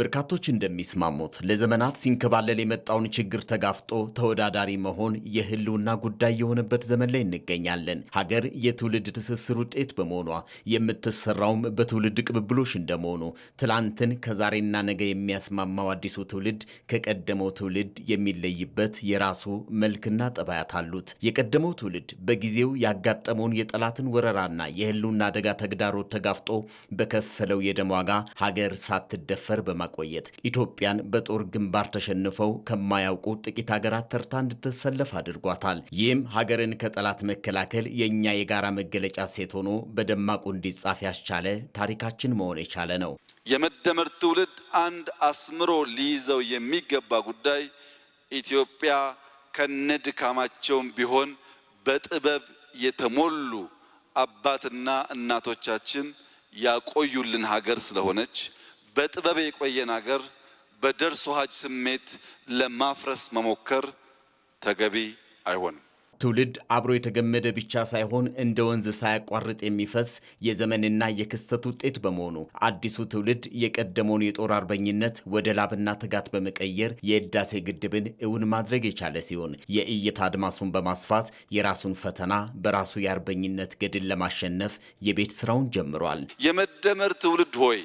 በርካቶች እንደሚስማሙት ለዘመናት ሲንከባለል የመጣውን ችግር ተጋፍጦ ተወዳዳሪ መሆን የህልውና ጉዳይ የሆነበት ዘመን ላይ እንገኛለን። ሀገር የትውልድ ትስስር ውጤት በመሆኗ የምትሰራውም በትውልድ ቅብብሎች እንደመሆኑ ትላንትን ከዛሬና ነገ የሚያስማማው አዲሱ ትውልድ ከቀደመው ትውልድ የሚለይበት የራሱ መልክና ጠባያት አሉት። የቀደመው ትውልድ በጊዜው ያጋጠመውን የጠላትን ወረራና የህልውና አደጋ ተግዳሮት ተጋፍጦ በከፈለው የደም ዋጋ ሀገር ሳትደፈር በማ ማቆየት ኢትዮጵያን በጦር ግንባር ተሸንፈው ከማያውቁ ጥቂት ሀገራት ተርታ እንድትሰለፍ አድርጓታል። ይህም ሀገርን ከጠላት መከላከል የእኛ የጋራ መገለጫ ሴት ሆኖ በደማቁ እንዲጻፍ ያስቻለ ታሪካችን መሆን የቻለ ነው። የመደመር ትውልድ አንድ አስምሮ ሊይዘው የሚገባ ጉዳይ ኢትዮጵያ ከነ ድካማቸውም ቢሆን በጥበብ የተሞሉ አባትና እናቶቻችን ያቆዩልን ሀገር ስለሆነች በጥበብ የቆየን አገር በደርሶ ሀጅ ስሜት ለማፍረስ መሞከር ተገቢ አይሆንም። ትውልድ አብሮ የተገመደ ብቻ ሳይሆን እንደ ወንዝ ሳያቋርጥ የሚፈስ የዘመንና የክስተት ውጤት በመሆኑ አዲሱ ትውልድ የቀደመውን የጦር አርበኝነት ወደ ላብና ትጋት በመቀየር የህዳሴ ግድብን እውን ማድረግ የቻለ ሲሆን የእይታ አድማሱን በማስፋት የራሱን ፈተና በራሱ የአርበኝነት ገድል ለማሸነፍ የቤት ስራውን ጀምሯል። የመደመር ትውልድ ሆይ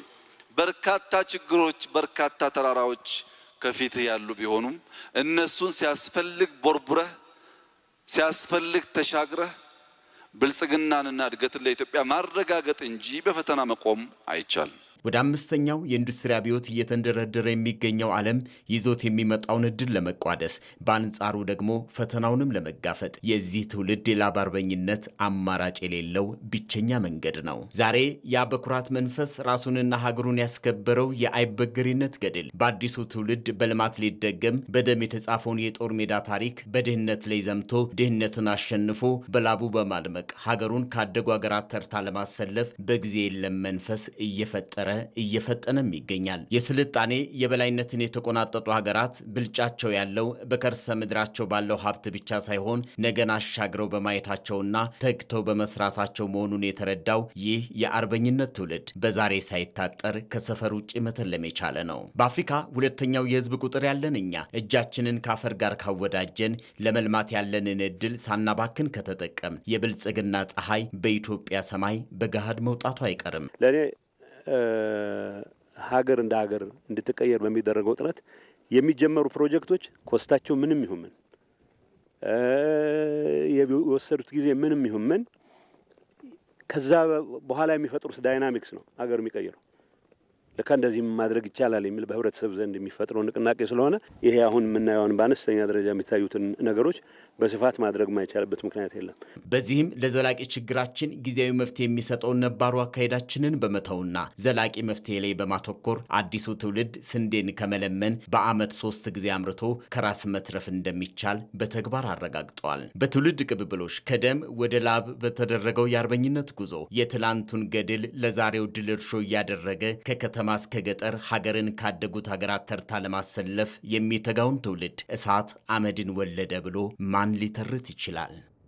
በርካታ ችግሮች፣ በርካታ ተራራዎች ከፊት ያሉ ቢሆኑም እነሱን ሲያስፈልግ ቦርቡረህ ሲያስፈልግ ተሻግረህ ብልጽግናንና እድገትን ለኢትዮጵያ ማረጋገጥ እንጂ በፈተና መቆም አይቻልም። ወደ አምስተኛው የኢንዱስትሪ አብዮት እየተንደረደረ የሚገኘው ዓለም ይዞት የሚመጣውን እድል ለመቋደስ በአንጻሩ ደግሞ ፈተናውንም ለመጋፈጥ የዚህ ትውልድ የላብ አርበኝነት አማራጭ የሌለው ብቸኛ መንገድ ነው። ዛሬ ያ በኩራት መንፈስ ራሱንና ሀገሩን ያስከበረው የአይበገሪነት ገድል በአዲሱ ትውልድ በልማት ሊደገም በደም የተጻፈውን የጦር ሜዳ ታሪክ በድህነት ላይ ዘምቶ ድህነትን አሸንፎ በላቡ በማድመቅ ሀገሩን ካደጉ ሀገራት ተርታ ለማሰለፍ በጊዜ የለም መንፈስ እየፈጠረ እየፈጠነም ይገኛል። የስልጣኔ የበላይነትን የተቆናጠጡ ሀገራት ብልጫቸው ያለው በከርሰ ምድራቸው ባለው ሀብት ብቻ ሳይሆን ነገን አሻግረው በማየታቸውና ተግተው በመስራታቸው መሆኑን የተረዳው ይህ የአርበኝነት ትውልድ በዛሬ ሳይታጠር ከሰፈር ውጭ መተለም የቻለ ነው። በአፍሪካ ሁለተኛው የህዝብ ቁጥር ያለን እኛ እጃችንን ከአፈር ጋር ካወዳጀን ለመልማት ያለንን እድል ሳናባክን ከተጠቀም የብልጽግና ፀሐይ በኢትዮጵያ ሰማይ በገሃድ መውጣቱ አይቀርም። ለእኔ ሀገር እንደ ሀገር እንድትቀየር በሚደረገው ጥረት የሚጀመሩ ፕሮጀክቶች ኮስታቸው ምንም ይሁን ምን፣ የወሰዱት ጊዜ ምንም ይሁን ምን፣ ከዛ በኋላ የሚፈጥሩት ዳይናሚክስ ነው ሀገር የሚቀይረው። ልካ እንደዚህ ማድረግ ይቻላል የሚል በህብረተሰብ ዘንድ የሚፈጥረው ንቅናቄ ስለሆነ ይሄ አሁን የምናየውን በአነስተኛ ደረጃ የሚታዩትን ነገሮች በስፋት ማድረግ ማይቻልበት ምክንያት የለም። በዚህም ለዘላቂ ችግራችን ጊዜያዊ መፍትሄ የሚሰጠውን ነባሩ አካሄዳችንን በመተውና ዘላቂ መፍትሄ ላይ በማተኮር አዲሱ ትውልድ ስንዴን ከመለመን በአመት ሶስት ጊዜ አምርቶ ከራስ መትረፍ እንደሚቻል በተግባር አረጋግጠዋል። በትውልድ ቅብብሎች ከደም ወደ ላብ በተደረገው የአርበኝነት ጉዞ የትላንቱን ገድል ለዛሬው ድል እርሾ እያደረገ ከከተማ ከከተማ እስከ ገጠር ሀገርን ካደጉት ሀገራት ተርታ ለማሰለፍ የሚተጋውን ትውልድ እሳት አመድን ወለደ ብሎ ማን ሊተርት ይችላል?